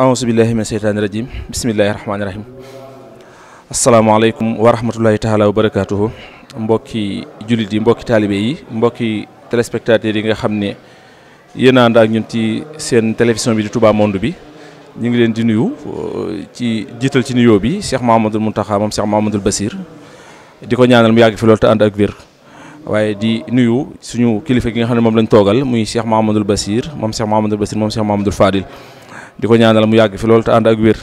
aousu billahi min seytaani rajim bismillahi rahmaani rahim asalaamaaleykum wa rahmatullahi taala wa barakaatuhu mbokki jullit yi mbokki taalibe yi mbokki téléspectateurs yi nga xam ne yéen ànd ak ñun ci télévision bi di Touba Monde bi ñu ngi leen di nuyu ci jiital ci nuyoo bi Cheikh Mahamadul Muntaxa moom Cheikh Mahamadul Basir di ko ñaanal mu yàgg fi loolu ànd ak wér waaye di nuyu suñu kilifa gi nga xam ne lañ toogal muy Cheikh Mahamadul Basir moom Cheikh Mahamadul Basir moom Cheikh Mahamadul Fadil di ko ñaanal mu yàgg fi loolu te ànd ak wér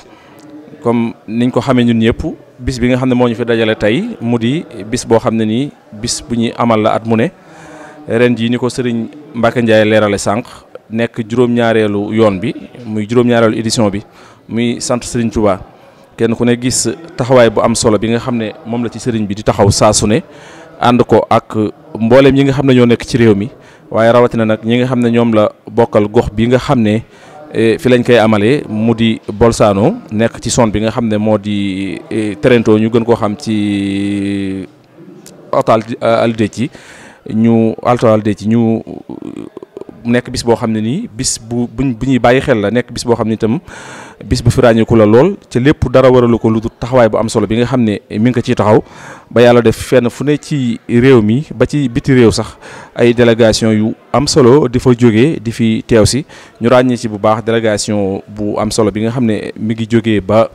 comme niñ ko ñun ñëpp bis bi nga xam ne jala tayi, fi bis boo xam ni, bis bu amala amal la at mu ne ren jii ni ko sëriñ Mbacke Ndiaye leerale sànq nekk juróom-ñaareelu yoon bi muy juróom-ñaareelu édition bi muy sant sëriñ Touba kenn ku ne gis taxawaay bu am solo bi nga xam ne la ci bi di taxaw saa su ne ko ak mbooleem ñi nga xam ne ñoo ci réew mi waaye rawatina nag ñi nga xam ne la bokkal gox bi nga E fi lañ koy amalee mu di Bolzano nekk ci zone bi nga xam ne moo di e, Trento ñu gën koo xam ci Alto Adige ci ñu Alto Adige ci ñu nekk bis boo xam ne nii bis bu buñ bu ñuy bàyyi xel la nekk bis boo xam ne itam bis bu fi ràññeeku la lool ci lépp dara waralu ko lu dul taxawaay bu am solo bi nga xam ne mi ngi ko ciy ba yàlla def fenn fu ne ci réew mi ba ci biti réew sax ay délégation yu am solo di fa jógee di fi teew si ñu ràññee ci bu baax délégation bu am solo bi nga xam ne mi ngi jógee ba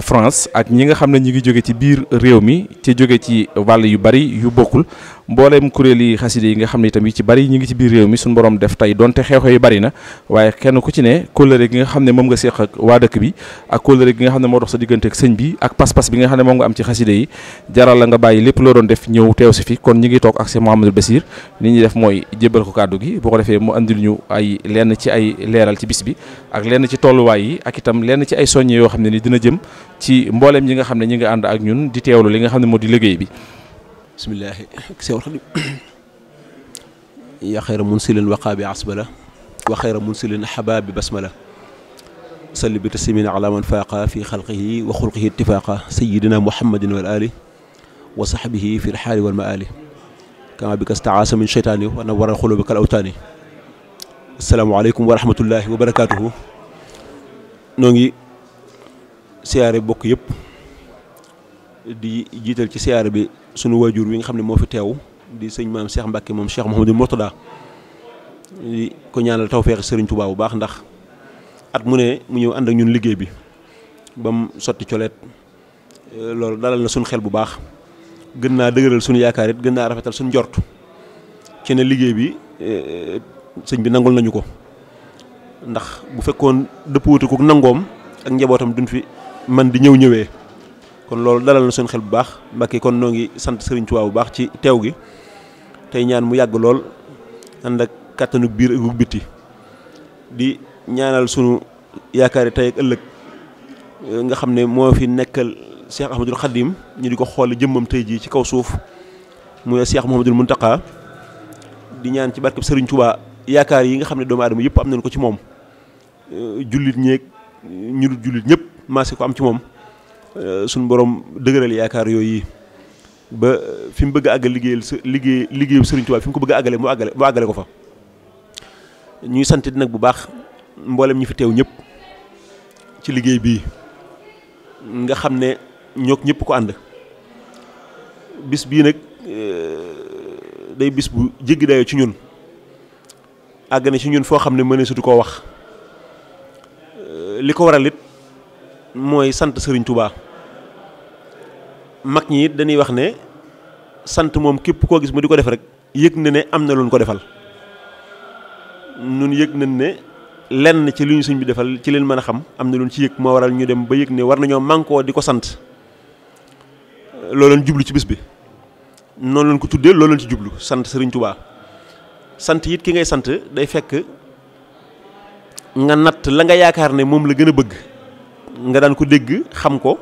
France ak ñi nga xam ne ñi ngi jóge ci biir réew mi ci jóge ci wàll yu bari yu bokkul mbooleem kuréel yi xaside yi nga xam ne tamit ci bari ñu ngi ci biir réew mi suñu borom def tey donte xew-xew yi bari na waaye kenn ku ci ne kóllëre gi nga xam ne moom nga séq ak waa dëkk bi ak kóllëre gi nga xam ne moo dox sa diggante ak sëñ ne moom nga am ci xaside yi jaral la nga bàyyi lépp loo doon def mooy jébbal ko kàddu gi boo ko defee mu andil ñu ay lenn ci ay leeral ci bis bi ak lenn ci tolluwaay yi ak itam lenn ci ay soññe yoo xam ne ni dina jëm ci mbooleem ñi nga xam ne ñu ngi ànd ak ñun di teewlu li nga xam ne moo di liggéey bi بسم الله كسيور خليم يا خير منسل وقاب عصبلة وخير منسل حباب بسملة صلي بتسليمين على من فاق في خلقه وخلقه اتفاقا سيدنا محمد والآله وصحبه في الحال والمآل كما بك استعاس من شيطاني ونور بك الأوتاني السلام عليكم ورحمة الله وبركاته نوني سياري بوك يب di jiital ci siyaara bi sunu waajur wi nga xam ne moo fi teew di sëñ maam Cheikh Mbacke moom Cheikh Mouhamadou Mourtada di ko ñaanal tawféex Serigne Touba bu baax ndax at mu ne mu ñëw ànd ak ñun liggéey bi ba mu sotti coleet euh, loolu dalal na suñu xel bu baax gën naa dëgëral suñu yaakaar it gën naa rafetal suñu njort ci ne liggéey bi euh, sëñ bi nangul nañu ko ndax bu fekkoon dëppootu ko nangoom ak njabootam duñ fi man di ñëw ñëwee. kon loolu dalal na seen xel bu baax Mbàkke kon noo ngi sant Sëriñ Tuubaa bu baax ci teew gi tey ñaan mu yàgg lool ànd kàttanu biir ak bitti di ñaanal sunu yaakaar yi tey ak ëllëg eh, nga xam ne moo fi nekkal Cheikh Ahmadul Khadim ñu di ko xool jëmmam tey jii ci kaw suuf muy Cheikh Mouhamadul Mountakha di ñaan ci barkeb Sëriñ Tuubaa yaakaar yi nga xam ne doomu aadama yëpp am nañ ko ci moom eh, jullit ñeeg ñu dul jullit ñëpp maase ko am ci moom Euh, suñu borom dëgëral yaakaar yooyu ba fi mu bëgg a àggal liggéeyal sa liggéey liggéeyu Serigne Touba fi ko bëgg a àggale mu àggale mu àggale ko fa. ñuy sant nag bu baax mboolem ñu fi teew ñëpp ci liggéey bii nga xam ne ñoog ñëpp ko ànd bis bii nag euh, day bis bu jéggi dayoo ci ñun àgg na ci ñun foo xam ne mëneesatu koo wax euh, li ko waral it mooy sant sëriñ tubaa mag ñi it dañuy wax ne sant moom képp koo gis ma di ko def rek yëg na ne am na lu ko defal nun yëg nañ ne lenn ci lu ñu suñ bi defal ci leen mën a xam am na lu ñu ci yëg moo waral ñu dem ba yëg ne war nañoo mànkoo di ko sant loolu jublu ci bis bi noonu lañ ko tuddee loolu ci jublu sant sëriñ tubaa sant it ki ngay sant day fekk nga natt la nga yaakaar ne moom la gën a bëgg nga daan ko dégg xam ko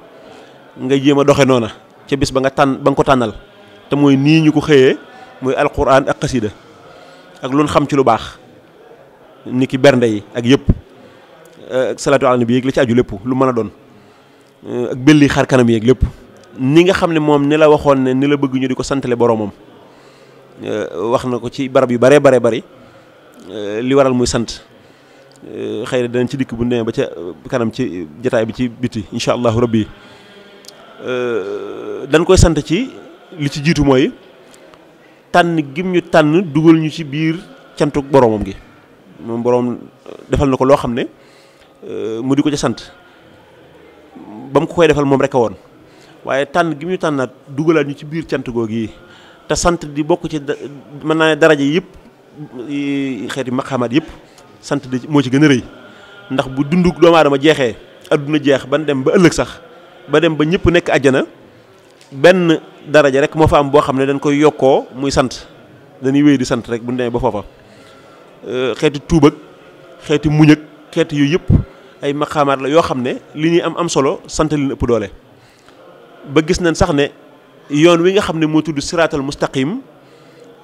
nga jéem a doxe noona ca bis ba nga tànn ba nga ko tànnal te mooy nii ñu ko xëyee mooy alquran ak xasida ak loolu xam ci lu baax ni ki bernde yi ak yëpp ak salaatu ala nabi yeeg la ci aju lépp lu mën a doon ak belli xar kanam yeeg lépp ni nga xam ne moom ni la waxoon ne ni la bëgg ñu di ko santale boroomam wax na ko ci barab yu baree bare bari li waral muy sant Euh, xëy na danañ ci dikk bu nee ba ca kanam ci jataay bi ci biti incha allahu rabbi euh, dañ koy sant ci li ci jiitu mooy tànn gim tànn dugal ci biir cantuk boromam gi moom borom defal na ko loo xam ne euh, mu di ko ca sant ba mu ko defal moom rek woon waaye tànn gim ñu tànnaat dugalaat ñu ci biir cant googu yi te sant di bokk ci mën naa ne daraja yëpp xeeti maqaamaat yëpp. sant di mo ci gëna reuy ndax bu dunduk doomu aadama jexé aduna jex ban dem ba ëlëk sax ba dem ba ñëpp nek aljana ben daraja rek mo fa am bo xamne dañ koy yokko muy sant dañuy wéy di sant rek bu ñu ba fofa euh, xeeti tuub ak xeeti muñ ak xeeti yooyu yëpp ay maqaamaat la yo xamne li ñi am am solo sant li ëpp doole ba gis nañ sax ne yoon wi nga xamne mo tuddu siratal mustaqim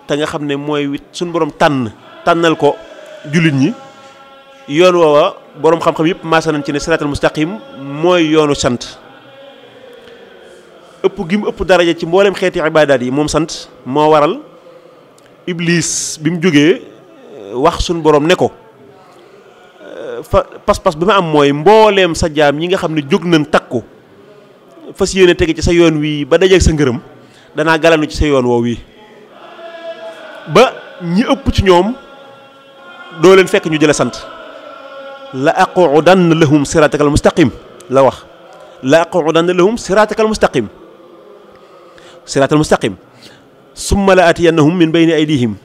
tanya nga xamne moy sun suñ borom tan tanal ko julit ñi yoon woowa borom xam-xam yëpp maasa nañ ci ne siratul mustaqim moy yoonu sant ëpp gi mu ëpp daraja ci mboolem xeeti ibaadaat yi mom sant mo waral iblis bi mu euh, wax sun borom ne ko euh, pas-pas bima am moy mbooleem sa jaam ñi nga xamni jog nañ takku fas tege ci sa yoon wi ba dajeeg sa ngërëm dana galanu ci sa yoon wo wi ba ñi ëpp ci ñom do leen fekk ñu sant لأقعدن لهم صراطك المستقيم لا وخ لأقعدن لهم صراطك المستقيم صراط المستقيم ثم لأتينهم من بين أيديهم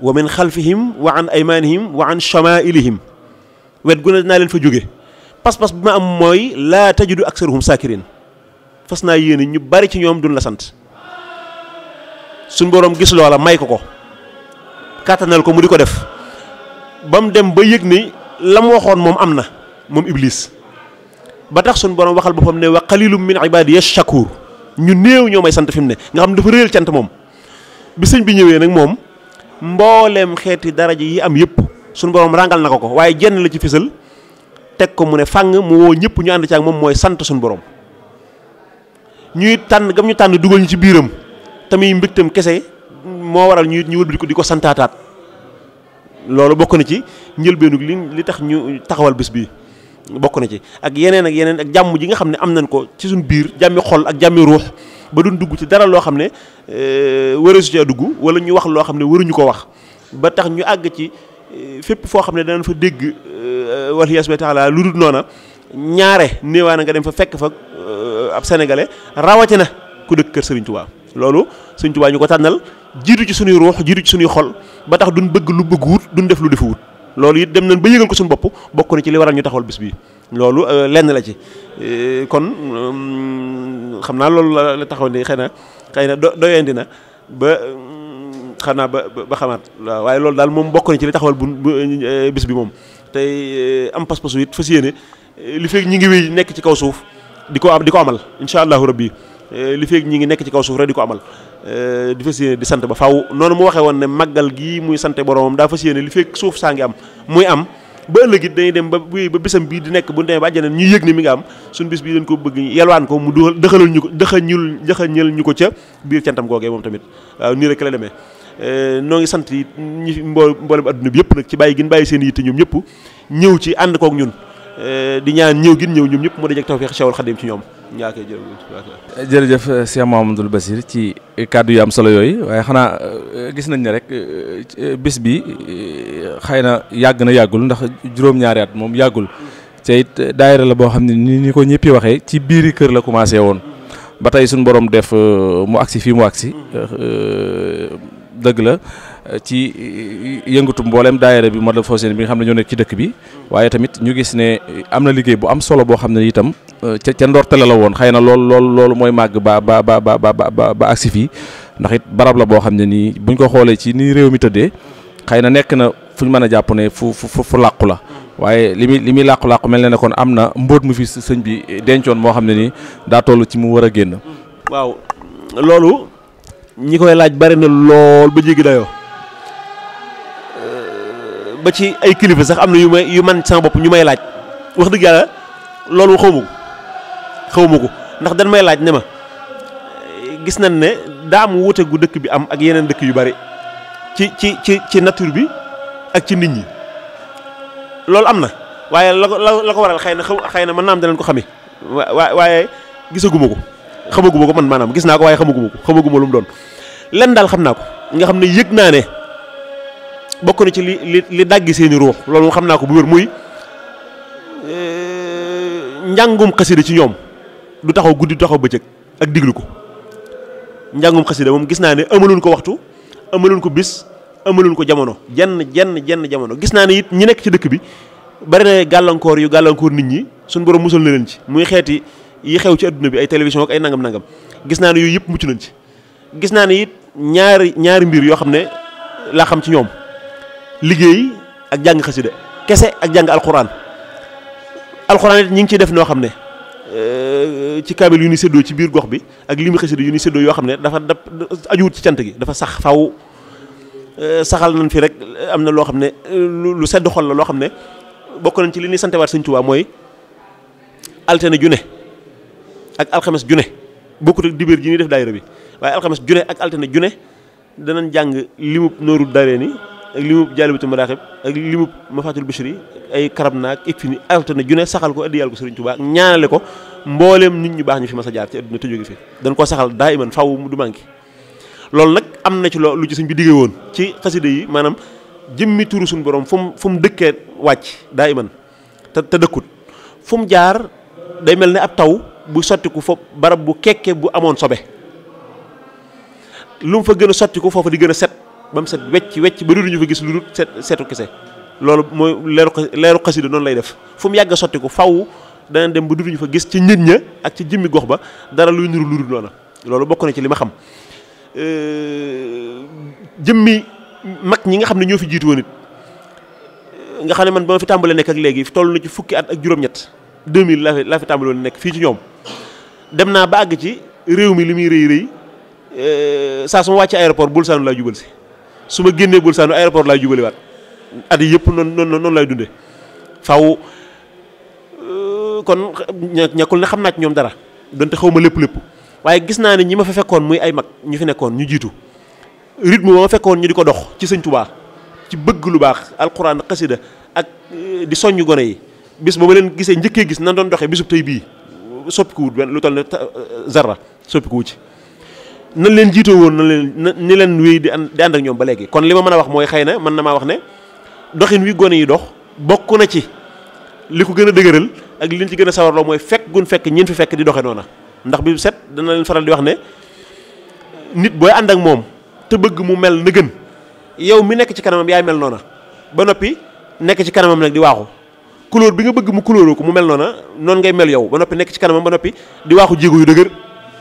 ومن خلفهم وعن أيمانهم وعن شمائلهم ودقونا نالين في جوجه بس بس بما أموي لا تجد أكثرهم ساكرين فسنا يني نباريك نيوم دون لسانت سنبورم جسلو على مايكوكو كاتنا لكم مريكو دف بام دم بيجني lam waxon mom amna mom iblis ba tax sun borom waxal bopam ne wa qalilum min ibadiya shakur ñu neew ñoo may sant fi ne nga xam dafa reel cant mom bi señ bi ñewé nak mom mbollem xéti yi am yépp sun borom rangal nako ko waye jenn la ci fisal tek ko mu ne fang mu wo ñepp ñu and ci ak mom moy sant sun borom ñuy tan gam ñu tan duggal ñu ci biram tamay mbégtam kese mo waral ñu ñu wul diko santataat loolu bokk na ci njëlbéenu li li tax ñu taxawal bés bi bokk na ci ak yeneen ak yeneen ak jàmm ji nga xam ne am nañ ko ci suñ biir jàmmi xol ak jàmmi ruux ba duñ dugg ci dara loo xam ne euh, wëreesu ci dugg wala ñu wax loo xam ne waruñu ko wax ba tax ñu àgg ci euh, fépp foo xam ne danañ fa dégg euh, waliyaas bi taala lu dul noona ñaare néewaa na nga dem fa fekk fa ab sénégalais rawatina ku dëkk kër sëriñ Touba. lolu sëñ tubaa ñuko tanal jitu ci suñu ruh jitu ci suñu xol ba tax duñ bëgg lu bëgg wut duñ def lu defu wut loolu it dem nañ ba yëgal ko suñu bop bokku ci li waral ñu taxawal bis bi lolu euh, lenn la ci euh, kon euh, xamna lolu la taxaw ni xena xeyna xëy na doyandi na ba xana ba ba xamaat waaw waaye loolu daal bokk ci li taxawal bu bis bi mom tay am pass it fasiyene li fek ñi ngi nek ci kaw suuf di ko di ko amal inshallah rabbi Eh, li feeg ñi ngi nekk ci kaw suuf rek di ko amal eh, di fas yéene di sant ba faw noonu mu waxee woon ne màggal gii muy sante boromam daa fas yéene li feeg suuf saa ngi am muy am ba ëllëg it dañuy dem ba ba bisam bii di nekk bu ñu demee ba àjjana ñu yëg ni mi nga am suñu bis bii dañ ko bëgg yelwaan ko mu dugal dëxalal ñu ko dëxañul dëxañal ñu ko ca biir cantam googee moom tamit waaw nii rek la demee eh, noo ngi sant it ñi mbool mboolem adduna bi yëpp nag ci bàyyi gin bàyyi seen yitte ñoom ñëpp ñëw ci ànd kook ñun di ñaan ñëw gin ñëw ñoom ñëpp mu dajek tawfeex Cheikhul Khadim ci ñoom ñaa koy jërëjëf. jërëjëf euh, Cheikh Mouhamadoul ci kàddu yu am solo yooyu waaye xanaa euh, gis nañ ne rek euh, bis bi xëy na yàgg na yàggul ndax juróom-ñaari at moom yàggul te it daayira la boo xam ne ni ni ko ñëppi waxee ci biir yi kër la commencé woon ba tey suñu borom def mu agsi fi mu agsi dëgg la. ci eh, yëngatu mboolem daayira bi Matlaboul Fawzeyni bi nga xam ne ñoo nekk ci dëkk bi waaye tamit ñu gis ne eh, am na liggéey bu am solo boo xam ne itam eh, ca ca ndortale la woon xëy na lool lool mooy màgg ba ba ba ba ba ba agsi fii ndax it barab la boo xam ne nii buñ ko xoolee ci ni réew mi tëddee xëy na nekk na fuñ mën a jàpp ne fu fu fu làqu la waaye li muy li muy làqu-làqu mel ne ne kon am na mbóot mu fi sëñ bi dencoon moo xam ne nii daa toll ci mu war a génn waaw loolu ñi koy laaj bari na lool ba jéggi dayoo ba ci ay kilifa sax am na yu may yu man sama bopp ñu may laaj wax dëgg yàlla loolu xaw ma ko xaw ko ndax dañ may laaj ne ma gis nañ ne daa am dëkk bi am ak yeneen dëkk yu bari ci ci ci ci nature bi ak ci nit ñi loolu am na waaye la ko la ko waral xëy na xëy na mën naa am danañ ko xamee wa waaye gisaguma ko xamaguma ko man maanaam gis naa ko waaye xamaguma ko xamaguma lu mu doon lenn daal xam naa ko nga xam ne yëg naa ne. bokk na ci li li li dàggi seeni ruux loolu xam naa ko bu wér muy e, njàngum xasida ci ñoom du taxaw guddi du taxaw bëccëg ak diglu ko njàngum xasida moom gis naa ni amaluñ ko waxtu amaluñ ko bis amaluñ ko jamono jenn jenn jenn jamono gis naa ni it ñi nekk ci dëkk bi bari na gàllankoor yu gàllankoor nit ñi suñ borom musal na leen ci muy xeeti yi xew ci àdduna bi ay télévision ak ay nangam nangam gis naa ne yooyu yëpp mucc nañ ci gis naa ni it ñaari ñaari mbir yoo xam ne laa xam ci ñoom liggéey ak jàng xasida kese ak jàng alxuraan alxuraan it ñi ngi ciy def noo xam ne euh, ci kaamil yu ni séddoo ci biir gox bi ak limi xasida yu ni séddoo yoo xam ne dafa daf ajuwut ci cant gi dafa sax faw euh, saxal nañ fi rek am na loo xam ne lu sedd xol la loo xam ne bokk nañ ci li ñuy santewaat Sëñ Tuubaa mooy altine ju ne ak alxames ju ne bokkut ak dibéer ji ñuy def daayira bi waaye alxames ju ne ak altine ju ne danañ jàng limub nooru daree ni ak li mu ma maraaxib ak li ma mafaatul bishri ay karab naag ikfini alta na junne saxal ko addi yàlla ko Sëriñ Tuubaa ñaanale ko mbooleem nit ñu baax ñu fi ma a jaar ci adduna te jóge fi dañ ko saxal daa iman faw du manqué loolu nag am na ci loo lu ci sëñ bi diggee woon ci xasida yi maanaam jëmmi tuuru suñu borom fu mu fu mu dëkkee wàcc daa iman te te dëkkut fu mu jaar day mel ni ab taw bu sottiku fo barab bu kekkee bu amoon sobe lu gën a sottiku foofu di gën a set ba mu set wecc wecc ba duñu fa gis lu dul set setu kese loolu mooy leeru leeru xasida noonu lay def fu mu yàgg a sotti ko faw dana dem ba du duñu fa gis ci nit ña ak ci jimmi gox ba dara luy nuru lu dul noona loolu bokk na ci li ma xam jëmmi mag ñi nga xam ne ñoo fi jiitu nit nga xam ne man ba ma fi tàmbalee nekk ak léegi toll na ci fukki at ak juróom-ñett 2000 laa fi laa nekk fii ci ñoom dem naa ba àgg ci réew mi li muy rëy rëy saa su ma wàcc aéroport bul saanu laa si su ma génnee bul saanu aéroport laay jubaliwaat at yi yëpp noonu noonu noonu lay dundee faw euh, kon ñàkkul ne xam naa ci ñoom dara dante xaw ma lépp lépp waaye gis naa ne ñi ma fa fekkoon muy ay mag ñu fi nekkoon ñu jiitu rythme ba ma fekkoon ñu di ko dox ci sëñ Tuubaa ci bëgg lu baax alxuraan xasida ak euh, di soññ gone yi bis ba ma leen gisee njëkkee gis nan doon doxee bisub tey bii soppiku wut benn lu toll ne euh, zarra soppiku wu ci. nan leen jiitoo woon nan leen ni leen wéy di ànd di ànd ak ñoom ba léegi kon li ma mën a wax mooy xëy na mën na maa wax ne doxin wi gone yi dox bokk na ci li ko gën a dëgëral ak li leen ci gën a sawarloo mooy fekk gun fekk ñeen fi fekk di doxe noona ndax bi set dana leen faral di wax ne nit booy ànd ak moom te bëgg mu mel na gën yow mi nekk ci kanamam yaay mel noona ba noppi nekk ci kanamam nag di waaxu couleur bi nga bëgg mu couleuroo ko mu mel noona noonu ngay mel yow ba noppi nekk ci kanamam ba noppi di waaxu jéego yu dëgër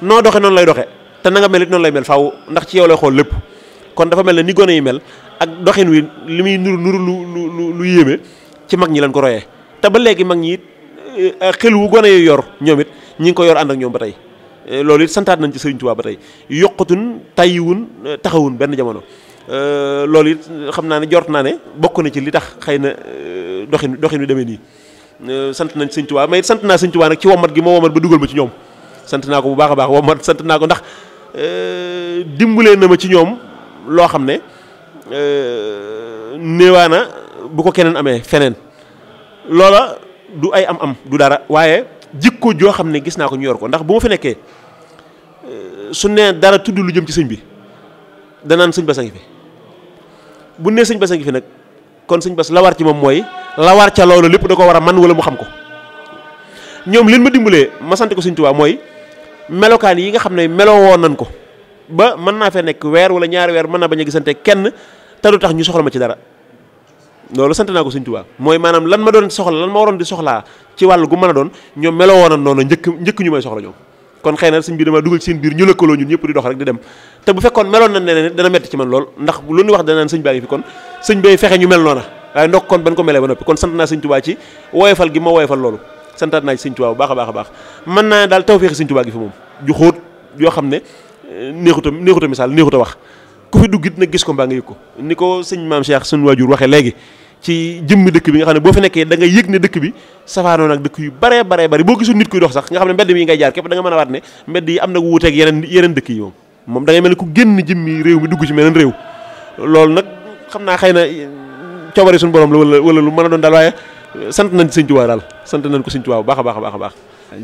noo doxe noonu lay doxe te na mel it noonu lay mel faw ndax ci yow lay xool lépp kon dafa mel ne ni gone yi mel ak doxin wi li muy nuru nuru lu lu lu yéeme ci mag ñi lañ ko royee te ba léegi mag ñi eh, eh, xel wu gone yu yor ñoom it ñi ngi ko yor ànd ak ñoom ba tey eh, loolu it santaat nañ ci Sëriñ Tuubaa ba tey yokkutun tàyyiwun taxawun benn jamono loolu it xam naa ne jort naa ne bokk na ci li tax xëy na doxin doxin wi demee nii sant nañ Sëriñ Tuubaa mais sant naa Sëriñ Tuubaa nag ci womat gi moo womat dugal ma ci ñoom sant naa ko bu baax a baax womat sant naa ko ndax Euh, dimbalee na ma ci ñoom loo xam ne euh, néewaana bu ko keneen amee feneen loola du ay am-am du dara waaye jikko joo xam ne gis naa ko ñu yor ko ndax bu ma fi nekkee euh, su nee dara tudd lu jëm ci sëñ bi danaan sëñ basa ngi fi bu nee sëñ basa ngi fi nag kon sëñ bas la war ci moom mooy la war ca loolu lépp da ko war a man wala mu xam ko ñoom leen ma dimbalee ma sant ko sëñ Tuubaa mooy. melokaan yi nga xam ne meloo woon ko ba mën naa fee nekk weer wala ñaari weer mën naa bañ a gisante kenn te du tax ñu soxla ma ci dara loolu sant naa ko suñ tubaab mooy maanaam lan ma doon soxla lan ma waroon di soxlaa ci wàll gu mën a doon ñoom melo woon nan noonu njëkk njëkk ñu may soxla ñoom kon xëy na suñ bi dama dugal ci seen biir ñu lëkkaloo ñun ñëpp di dox rek di dem te bu fekkoon meloon nan ne dana metti ci man lool ndax lu ñu wax dana sëñ baa ngi fi kon sëñ bay fexe ñu mel noona waaye ndok kon ban ko melee ba noppi kon sant naa sëñ tubaa ci woyofal gi ma woyofal loolu santaat naa ci sëñ baax a baax a baax mën naa daal tawfeexi sëñ Tuubaa gi fi moom ju xóot yoo xam ne euh, neexuta neexuta misaal neexuta wax ku fi duggit nag gis ko mbaa nga yëg ko ni ko sëñ maam Cheikh suñu waajur waxee léegi ci jëmmi dëkk bi nga xam ne boo fi nekkee da nga yëg ne dëkk bi safaanoo nag dëkk yu baree baree bari boo gisul nit kuy dox sax nga xam ne mbedd mi ngay jaar képp da nga mën a waat ne mbedd yi am na wuuteeg yeneen yeneen ne ku génn jëmmi réew mi dugg ci meneen loolu nag xam naa xëy na coobare suñu borom la wala lu mën a doon daal sant nañ sëñ Tuubaa daal sant nañ ko sëñ Tuubaa bu baax a baax a baax a baax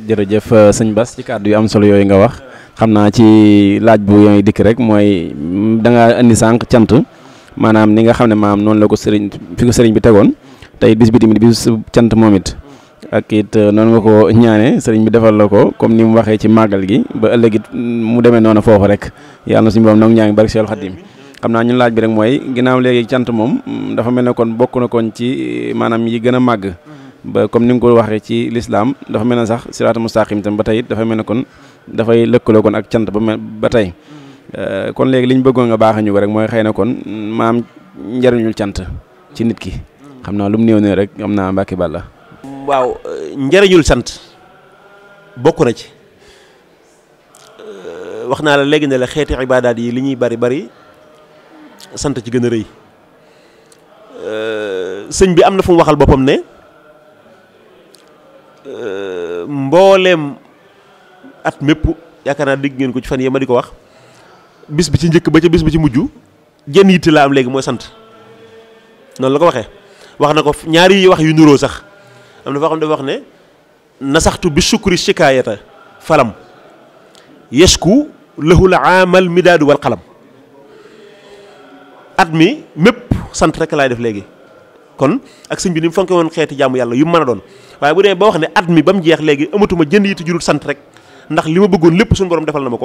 jërëjëf euh, sëñ Bass ci kàddu yu am solo yooyu nga wax xam naa ci laaj bu yooyu dikk rek mooy mm, da nga indi sànq cant maanaam ni nga xam ne maam noonu la ko sëriñ fi ko sëriñ bi tegoon tey bis bi bis cant moom it ak it euh, noonu nga ko ñaane sëriñ bi defal la ko comme ni mu waxee ci màggal gi ba ëllëgit mm, mu demee noonu foofu rek yàlla na suñu borom nangu ñaa ngi barke Seexul Xadiim xam naa ñu laaj bi rek mooy ginnaaw léegi cant moom mm, dafa mel ne kon bokk na kon ci eh, maanaam yi gën a màgg. Mm-hmm. ba comme ni nga ko waxee ci lislaam dafa mel ne sax siraatu mustaqim tam ba tey dafa mel ne kon dafay lëkkaloo kon ak cant ba mel ba tey. Mm-hmm. Eh, kon léegi li ñu bëggoon nga baaxañu ko rek mooy xëy na kon mm, maam njariñul cant ci nit ki mm-hmm. xam naa lu mu néew ne rek am naa mbàkki bàlla waaw eh, njariñul sant bokk na ci wax naa la léegi ne la xeeti ibaadaat yi li ñuy bari bari sant ci gën a réy euh, sëñ bi am na fu mu waxal boppam ne euh, mbooleem at mépp yaakaar naa dégg ngeen ko ci fan yee ma di ko wax bis bi ci njëkk ba ca bis bi ci mujj jenn yitte laa am léegi mooy sant noonu la ko waxee wax na ko ñaari wax yu nuroo sax am na foo xam dafa wax ne nasaxtu bi sukri shikaayata falam yashku lahu la amal midaadu wal xalam Admi mep mépp sant rek lay def kon ak sëñ bi ni fonké won xéti xeeti yalla yu mën a doon waaye bu demee ba wax né admi bam jeex amatuma jënd yi jurul rek ndax lima bëggoon lepp suñu borom defal na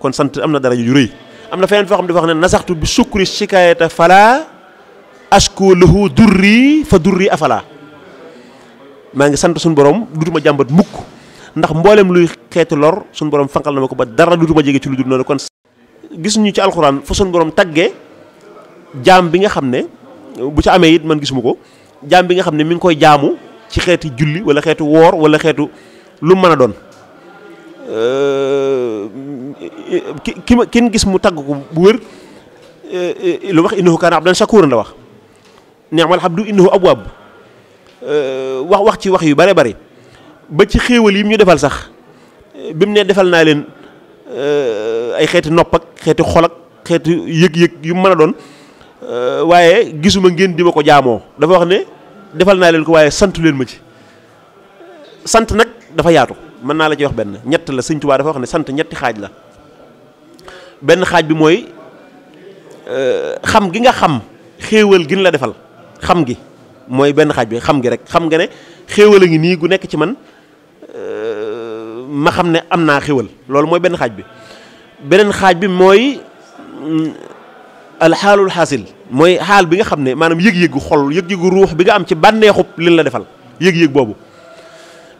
kon sant amna dara yu reuy amna na feneen foo xam ne wax né nasaxtu bi shukri shikayata fala asko lahu durri fa durri afala ma nga sant suñu borom dutuma jambat mukk ndax mboolem luy xéti lor suñu borom fankal na ba dara dutuma jege ci lu dul kon gis ñu ci alxuraan fa suñu borom tagge jaam bi nga xam ne bu ci amee it man gisuma ko jaam bi nga xam ne mu ngi koy jaamu ci xeeti julli wala xeetu woor wala xeetu lu mën a doon euh, ki ki ma gis mu tagg ko bu wër euh, lu wax innahu kaana abdan shakuran la wax ni'mal abdu innahu awwaab euh, wax wax ci wax yu bare bare ba ci xéewal yim ñu defal sax bi mu ne defal naa leen ay xeeti nopp ak xeeti xol xeeti yëg-yëg yu mën a doon Euh, waaye gisuma ngeen di ma ko jaamoo dafa wax ne defal naa leen ko waaye sant leen ma ci sant nag dafa yaatu mën naa la ci wax benn ñett la sëñ Tuubaa dafa wax ne sant ñetti xaaj la benn xaaj bi mooy euh, xam gi nga xam xéewal gin la defal xam gi mooy benn xaaj bi xam gi rek xam nga ne xéewal a ngi nii gu nekk ci man euh, ma xam ne am naa xéewal loolu mooy benn xaaj bi beneen xaaj bi mooy mm, الحال الحاصل موي حال بيغا خامني مانام ييغ ييغ خول ييغ ييغ روح بيغا ام سي nga am ci bànneexub lin ييغ defal yëg-yëg boobu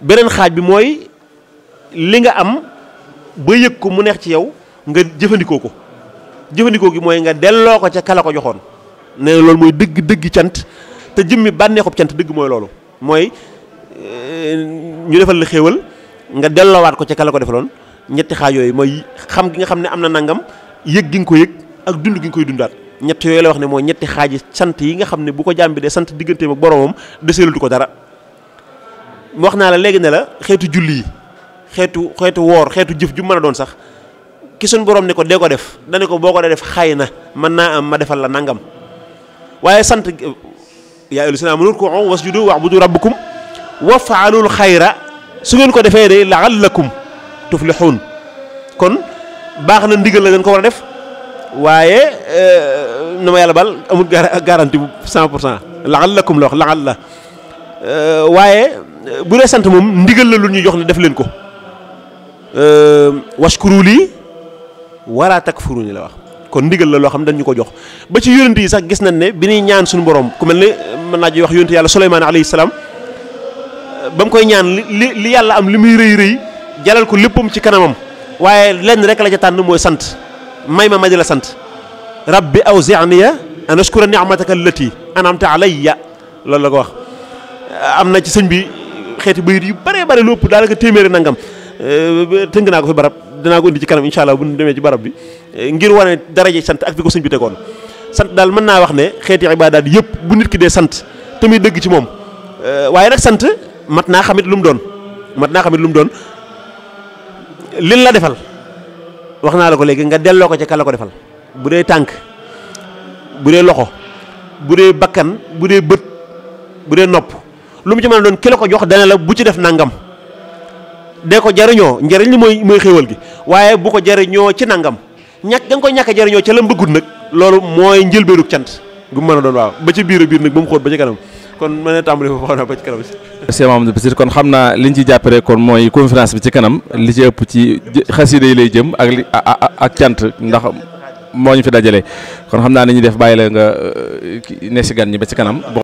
beneen xaaj bi mooy li nga مو نيه سي ياو nga jëfandikoo ko jëfandikoo gi moy nga delloo ko ca kala ko joxon né na moy mooy dëgg dëgg cant te jëmmi bànneexub ciant dëgg moy loolu moy ñu defal la xéewal nga dello delloowaat ko ca kala ko défalon ñetti xaaj yoy moy xam gi nga xamné amna nangam yëg gi nga ko yëg ak dund gi koy dundaat ñett yoy la wax ne mooy ñetti xaji sant yi nga xamne bu ko jambi de sant digeentem ak boromum de deseelatu ko dara wax na la legi ne la xetu julli xetu xetu wor xetu jëf ju mëna doon sax ki suñ borom ne ko de ko def dane ko boo ko dee def xay na am ma defal la nangam waye sant ya ayyuhal lazina aamanu rku'u wasjudu wa'budu rabbakum waf'alul alkhayra su ngeen ko defé de la'allakum tuflihun kon baxna ndigal la ngeen ko wara def waaye euh, nu ma yàlla bal amul garantie bu 100 pour cent laxal la kum la wax laxal la euh, waaye bu dee sant moom ndigal la lu ñu jox ne def leen ko euh, waskuru lii wala takfuruni la wax kon ndigal la loo xam dañ ñu ko jox ba ci yonent yi sax gis nañ ne bi ñuy ñaan suñu borom ku mel ne mën naa ji wax yonent yàlla Suleymaan alayhi salaam ba mu koy ñaan li li yàlla am li muy rëy rëy jalal ko léppam ci kanamam waaye lenn rek la ca tànn mooy sant may ma ma di la sant rabbi awzi'niya an ashkura ni'mataka allati an'amta alayya loolu la ko wax am na ci sëñ bi xeeti bayit yu bare bare lépp daanaka téeméeri nangam tënk naa ko fi barab dinaa ko indi ci kanam incha allah bu ñu demee ci barab bi ngir wane daraje sant ak fi ko sëñ bi tegoon sant daal mën naa wax ne xeeti ibaadaat yëpp bu nit ki dee sant te muy dëgg ci moom waaye nag sant mat naa xamit lu mu doon mat naa xamit lu mu doon lin la defal wax naa la ko léegi nga delloo ko ca ka ko defal bu dee tànk bu dee loxo bu dee bakkan bu dee bët bu dee nopp lu mu ci mën a doon ki la ko jox dana la bu ci def nangam de ko jariñoo njariñ li mooy mooy xéewal gi waaye bu ko jariñoo ci nangam ñàkk da nga koy ñàkk a jariñoo ca la mbëggut nag loolu mooy njëlbeenug cant gu mu mën a doon waaw ba ci biir a biir nag ba mu xóot ba ci kanam kon mën na tàmbali foofu xanaa ba ci kanam si. Cheikh Mamadou xam naa liñ ci jàppale kon mooy conférence bi ci kanam li ci ëpp ci xasida yi lay jëm ak li ak cant ndax moo ñu fi dajale kon xam naa ni ñuy def bàyyi la nga euh, ne si gan ñi ba ci kanam.